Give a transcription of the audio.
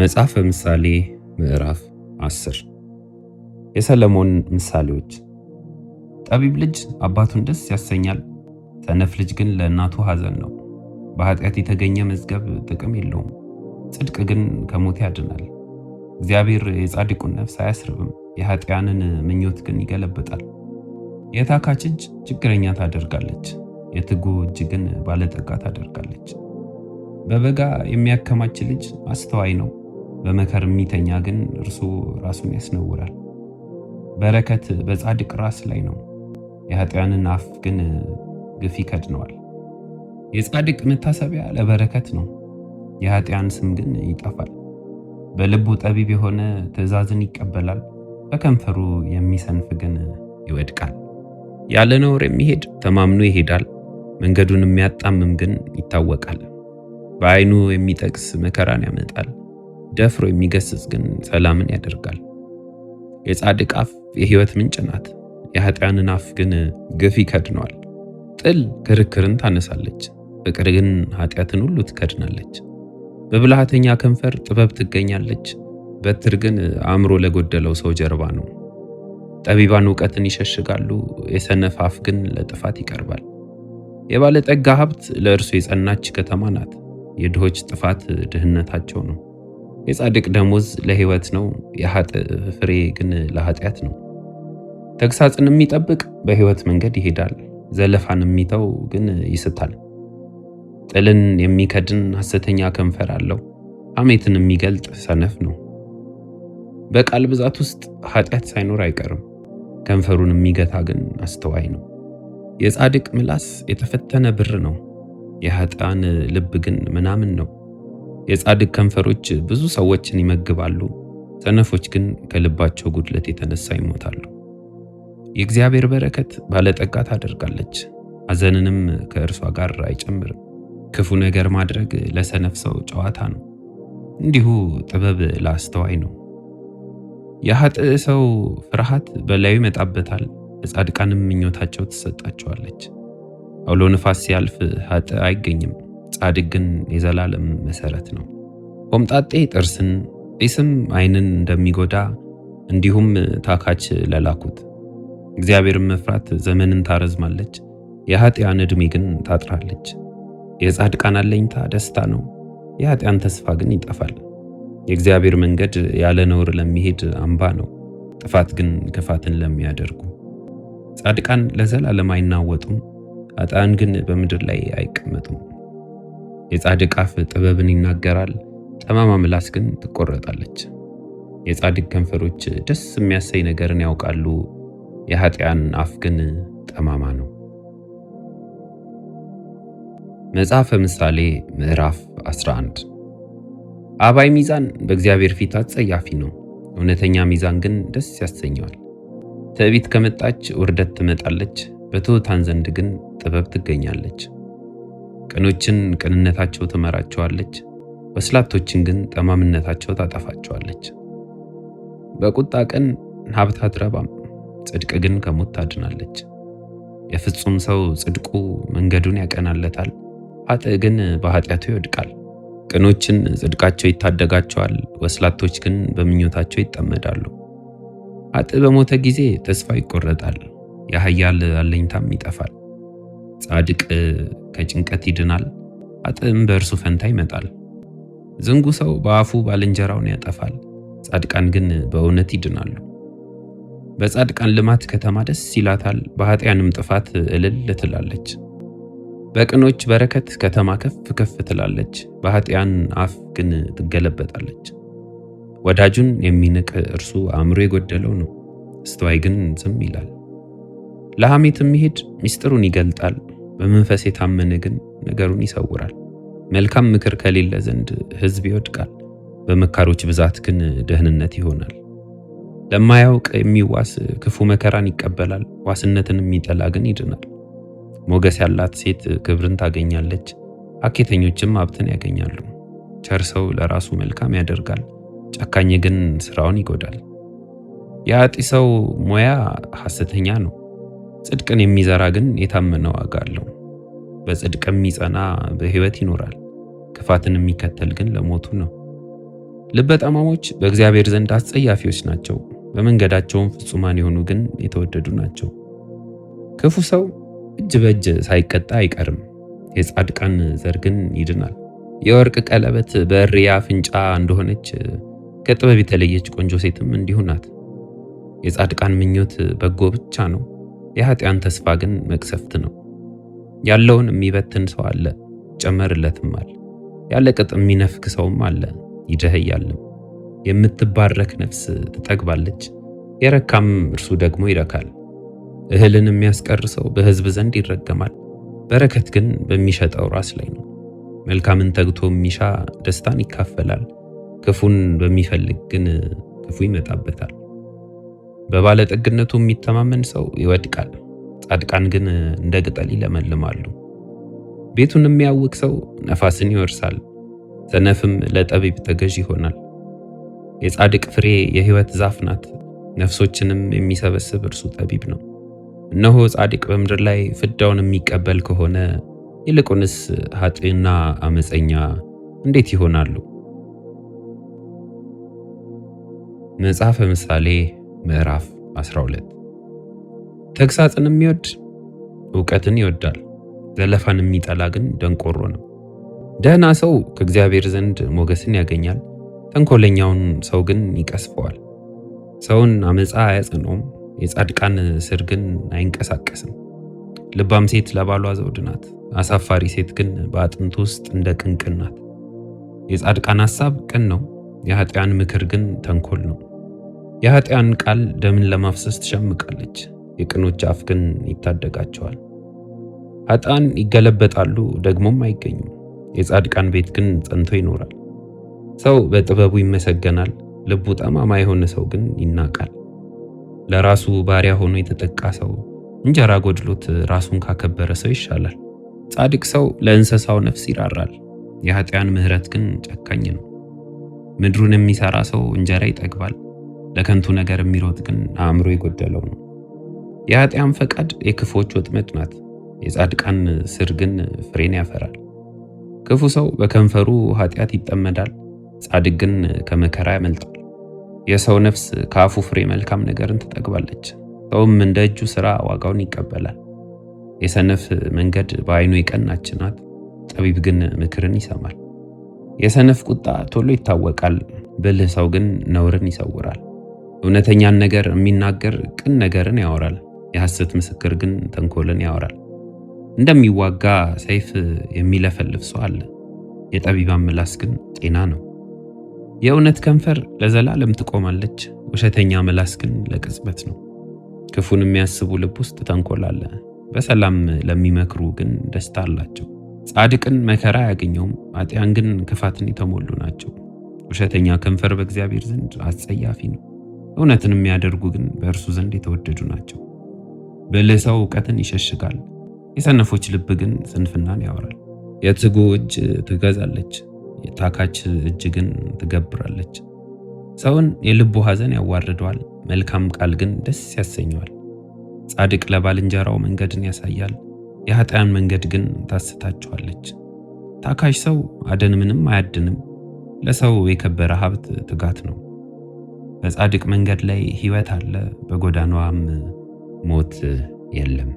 መጽሐፈ ምሳሌ ምዕራፍ 10 የሰለሞን ምሳሌዎች። ጠቢብ ልጅ አባቱን ደስ ያሰኛል፣ ሰነፍ ልጅ ግን ለእናቱ ሐዘን ነው። በኃጢአት የተገኘ መዝገብ ጥቅም የለውም፣ ጽድቅ ግን ከሞት ያድናል። እግዚአብሔር የጻድቁን ነፍስ አያስርብም፣ የኃጢያንን ምኞት ግን ይገለብጣል። የታካች እጅ ችግረኛ ታደርጋለች፣ የትጉ እጅ ግን ባለጠጋ ታደርጋለች። በበጋ የሚያከማች ልጅ አስተዋይ ነው፣ በመከር የሚተኛ ግን እርሱ ራሱን ያስነውራል። በረከት በጻድቅ ራስ ላይ ነው፣ የኃጢያንን አፍ ግን ግፍ ይከድነዋል። የጻድቅ መታሰቢያ ለበረከት ነው፣ የኃጢያን ስም ግን ይጠፋል። በልቡ ጠቢብ የሆነ ትእዛዝን ይቀበላል፣ በከንፈሩ የሚሰንፍ ግን ይወድቃል። ያለ ነውር የሚሄድ ተማምኖ ይሄዳል፣ መንገዱን የሚያጣምም ግን ይታወቃል። በዓይኑ የሚጠቅስ መከራን ያመጣል ደፍሮ የሚገስጽ ግን ሰላምን ያደርጋል። የጻድቅ አፍ የሕይወት ምንጭ ናት፣ የኃጢያንን አፍ ግን ግፍ ይከድነዋል። ጥል ክርክርን ታነሳለች፣ ፍቅር ግን ኃጢያትን ሁሉ ትከድናለች። በብልሃተኛ ከንፈር ጥበብ ትገኛለች፣ በትር ግን አእምሮ ለጎደለው ሰው ጀርባ ነው። ጠቢባን እውቀትን ይሸሽጋሉ፣ የሰነፍ አፍ ግን ለጥፋት ይቀርባል። የባለጠጋ ሀብት ለእርሱ የጸናች ከተማ ናት፣ የድሆች ጥፋት ድህነታቸው ነው። የጻድቅ ደሞዝ ለሕይወት ነው፣ የሀጥ ፍሬ ግን ለኃጢአት ነው። ተግሳጽን የሚጠብቅ በሕይወት መንገድ ይሄዳል፣ ዘለፋን የሚተው ግን ይስታል። ጥልን የሚከድን ሐሰተኛ ከንፈር አለው፣ ሐሜትን የሚገልጥ ሰነፍ ነው። በቃል ብዛት ውስጥ ኃጢአት ሳይኖር አይቀርም፣ ከንፈሩን የሚገታ ግን አስተዋይ ነው። የጻድቅ ምላስ የተፈተነ ብር ነው፣ የኃጥአን ልብ ግን ምናምን ነው። የጻድቅ ከንፈሮች ብዙ ሰዎችን ይመግባሉ፣ ሰነፎች ግን ከልባቸው ጉድለት የተነሳ ይሞታሉ። የእግዚአብሔር በረከት ባለጠጋ ታደርጋለች፣ ሐዘንንም ከእርሷ ጋር አይጨምርም። ክፉ ነገር ማድረግ ለሰነፍ ሰው ጨዋታ ነው፣ እንዲሁ ጥበብ ለአስተዋይ ነው። የኃጥእ ሰው ፍርሃት በላዩ ይመጣበታል፣ ለጻድቃንም ምኞታቸው ትሰጣቸዋለች። አውሎ ንፋስ ሲያልፍ ኃጥእ አይገኝም። ጻድቅ ግን የዘላለም መሰረት ነው። ሆምጣጤ ጥርስን፣ ጢስም አይንን እንደሚጎዳ እንዲሁም ታካች ለላኩት። እግዚአብሔርን መፍራት ዘመንን ታረዝማለች፣ የኃጢያን ዕድሜ ግን ታጥራለች። የጻድቃን አለኝታ ደስታ ነው፣ የኃጢያን ተስፋ ግን ይጠፋል። የእግዚአብሔር መንገድ ያለ ነውር ለሚሄድ አምባ ነው፣ ጥፋት ግን ክፋትን ለሚያደርጉ። ጻድቃን ለዘላለም አይናወጡም፣ ኃጢያን ግን በምድር ላይ አይቀመጡም። የጻድቅ አፍ ጥበብን ይናገራል፣ ጠማማ ምላስ ግን ትቆረጣለች። የጻድቅ ከንፈሮች ደስ የሚያሰኝ ነገርን ያውቃሉ፣ የኃጢያን አፍ ግን ጠማማ ነው። መጽሐፈ ምሳሌ ምዕራፍ 11 አባይ ሚዛን በእግዚአብሔር ፊት አጸያፊ ነው፣ እውነተኛ ሚዛን ግን ደስ ያሰኘዋል። ትዕቢት ከመጣች ውርደት ትመጣለች፣ በትሑታን ዘንድ ግን ጥበብ ትገኛለች። ቅኖችን ቅንነታቸው ትመራቸዋለች፣ ወስላቶችን ግን ጠማምነታቸው ታጠፋቸዋለች። በቁጣ ቀን ሀብት አትረባም፣ ጽድቅ ግን ከሞት ታድናለች። የፍጹም ሰው ጽድቁ መንገዱን ያቀናለታል፣ ኃጥእ ግን በኃጢአቱ ይወድቃል። ቅኖችን ጽድቃቸው ይታደጋቸዋል፣ ወስላቶች ግን በምኞታቸው ይጠመዳሉ። ኃጥእ በሞተ ጊዜ ተስፋ ይቆረጣል፣ የኃያል አለኝታም ይጠፋል። ጻድቅ ከጭንቀት ይድናል፣ አጥም በእርሱ ፈንታ ይመጣል። ዝንጉ ሰው በአፉ ባልንጀራውን ያጠፋል፣ ጻድቃን ግን በእውነት ይድናሉ። በጻድቃን ልማት ከተማ ደስ ይላታል፣ በኃጢያንም ጥፋት እልል ትላለች። በቅኖች በረከት ከተማ ከፍ ከፍ ትላለች፣ በኃጢያን አፍ ግን ትገለበጣለች። ወዳጁን የሚንቅ እርሱ አእምሮ የጎደለው ነው፣ አስተዋይ ግን ዝም ይላል። ለሐሜት የሚሄድ ምስጢሩን ይገልጣል፣ በመንፈስ የታመነ ግን ነገሩን ይሰውራል። መልካም ምክር ከሌለ ዘንድ ሕዝብ ይወድቃል፣ በመካሮች ብዛት ግን ደህንነት ይሆናል። ለማያውቅ የሚዋስ ክፉ መከራን ይቀበላል፣ ዋስነትን የሚጠላ ግን ይድናል። ሞገስ ያላት ሴት ክብርን ታገኛለች፣ ሐኬተኞችም ሀብትን ያገኛሉ። ቸር ሰው ለራሱ መልካም ያደርጋል፣ ጨካኝ ግን ስራውን ይጎዳል። የአጢ ሰው ሙያ ሐሰተኛ ነው፣ ጽድቅን የሚዘራ ግን የታመነ ዋጋ አለው። በጽድቅ የሚጸና በሕይወት ይኖራል። ክፋትን የሚከተል ግን ለሞቱ ነው። ልበጠማሞች በእግዚአብሔር ዘንድ አስጸያፊዎች ናቸው። በመንገዳቸውም ፍጹማን የሆኑ ግን የተወደዱ ናቸው። ክፉ ሰው እጅ በእጅ ሳይቀጣ አይቀርም። የጻድቃን ዘር ግን ይድናል። የወርቅ ቀለበት በእርያ አፍንጫ እንደሆነች ከጥበብ የተለየች ቆንጆ ሴትም እንዲሁ ናት። የጻድቃን ምኞት በጎ ብቻ ነው፣ የኃጢያን ተስፋ ግን መቅሰፍት ነው። ያለውን የሚበትን ሰው አለ፣ ጨመርለትማል። ያለ ቅጥ የሚነፍክ ሰውም አለ፣ ይደህያልም። የምትባረክ ነፍስ ትጠግባለች፣ የረካም እርሱ ደግሞ ይረካል። እህልን የሚያስቀር ሰው በሕዝብ ዘንድ ይረገማል፣ በረከት ግን በሚሸጠው ራስ ላይ ነው። መልካምን ተግቶ የሚሻ ደስታን ይካፈላል፣ ክፉን በሚፈልግ ግን ክፉ ይመጣበታል። በባለጠግነቱ የሚተማመን ሰው ይወድቃል፣ ጻድቃን ግን እንደ ቅጠል ይለመልማሉ። ቤቱን የሚያውቅ ሰው ነፋስን ይወርሳል፣ ሰነፍም ለጠቢብ ተገዥ ይሆናል። የጻድቅ ፍሬ የሕይወት ዛፍ ናት፣ ነፍሶችንም የሚሰበስብ እርሱ ጠቢብ ነው። እነሆ ጻድቅ በምድር ላይ ፍዳውን የሚቀበል ከሆነ ይልቁንስ ኃጥእና አመፀኛ እንዴት ይሆናሉ? መጽሐፈ ምሳሌ ምዕራፍ 12 ተግሳጽን የሚወድ እውቀትን ይወዳል፣ ዘለፋን የሚጠላ ግን ደንቆሮ ነው። ደህና ሰው ከእግዚአብሔር ዘንድ ሞገስን ያገኛል፣ ተንኮለኛውን ሰው ግን ይቀስፈዋል። ሰውን አመፃ አያጸነውም፣ የጻድቃን ስር ግን አይንቀሳቀስም። ልባም ሴት ለባሏ ዘውድ ናት፣ አሳፋሪ ሴት ግን በአጥንቱ ውስጥ እንደ ቅንቅን ናት። የጻድቃን ሐሳብ ቅን ነው፣ የኃጢያን ምክር ግን ተንኮል ነው። የኃጢያን ቃል ደምን ለማፍሰስ ትሸምቃለች፣ የቅኖች አፍ ግን ይታደጋቸዋል። ኃጥአን ይገለበጣሉ ደግሞም አይገኙም፣ የጻድቃን ቤት ግን ጸንቶ ይኖራል። ሰው በጥበቡ ይመሰገናል፣ ልቡ ጠማማ የሆነ ሰው ግን ይናቃል። ለራሱ ባሪያ ሆኖ የተጠቃ ሰው እንጀራ ጎድሎት ራሱን ካከበረ ሰው ይሻላል። ጻድቅ ሰው ለእንስሳው ነፍስ ይራራል፣ የኃጢያን ምሕረት ግን ጨካኝ ነው። ምድሩን የሚሰራ ሰው እንጀራ ይጠግባል፣ ለከንቱ ነገር የሚሮጥ ግን አእምሮ የጎደለው ነው። የኃጢያን ፈቃድ የክፎች ወጥመድ ናት፣ የጻድቃን ስር ግን ፍሬን ያፈራል። ክፉ ሰው በከንፈሩ ኃጢአት ይጠመዳል፣ ጻድቅ ግን ከመከራ ያመልጣል። የሰው ነፍስ ከአፉ ፍሬ መልካም ነገርን ትጠግባለች፣ ሰውም እንደ እጁ ሥራ ዋጋውን ይቀበላል። የሰነፍ መንገድ በዓይኑ የቀናች ናት፣ ጠቢብ ግን ምክርን ይሰማል። የሰነፍ ቁጣ ቶሎ ይታወቃል፣ ብልህ ሰው ግን ነውርን ይሰውራል። እውነተኛን ነገር የሚናገር ቅን ነገርን ያወራል፣ የሐሰት ምስክር ግን ተንኮልን ያወራል። እንደሚዋጋ ሰይፍ የሚለፈልፍ ሰው አለ፣ የጠቢባን ምላስ ግን ጤና ነው። የእውነት ከንፈር ለዘላለም ትቆማለች፣ ውሸተኛ ምላስ ግን ለቅጽበት ነው። ክፉን የሚያስቡ ልብ ውስጥ ተንኮል አለ፣ በሰላም ለሚመክሩ ግን ደስታ አላቸው። ጻድቅን መከራ አያገኘውም፣ አጢያን ግን ክፋትን የተሞሉ ናቸው። ውሸተኛ ከንፈር በእግዚአብሔር ዘንድ አጸያፊ ነው። እውነትን የሚያደርጉ ግን በእርሱ ዘንድ የተወደዱ ናቸው። ብልህ ሰው እውቀትን ይሸሽጋል፣ የሰነፎች ልብ ግን ስንፍናን ያወራል። የትጉ እጅ ትገዛለች፣ የታካች እጅ ግን ትገብራለች። ሰውን የልቡ ሐዘን ያዋርደዋል፣ መልካም ቃል ግን ደስ ያሰኘዋል። ጻድቅ ለባልንጀራው መንገድን ያሳያል፣ የኃጢያን መንገድ ግን ታስታችኋለች። ታካሽ ሰው አደን ምንም አያድንም፣ ለሰው የከበረ ሀብት ትጋት ነው። በጻድቅ መንገድ ላይ ሕይወት አለ፣ በጎዳናዋም ሞት የለም።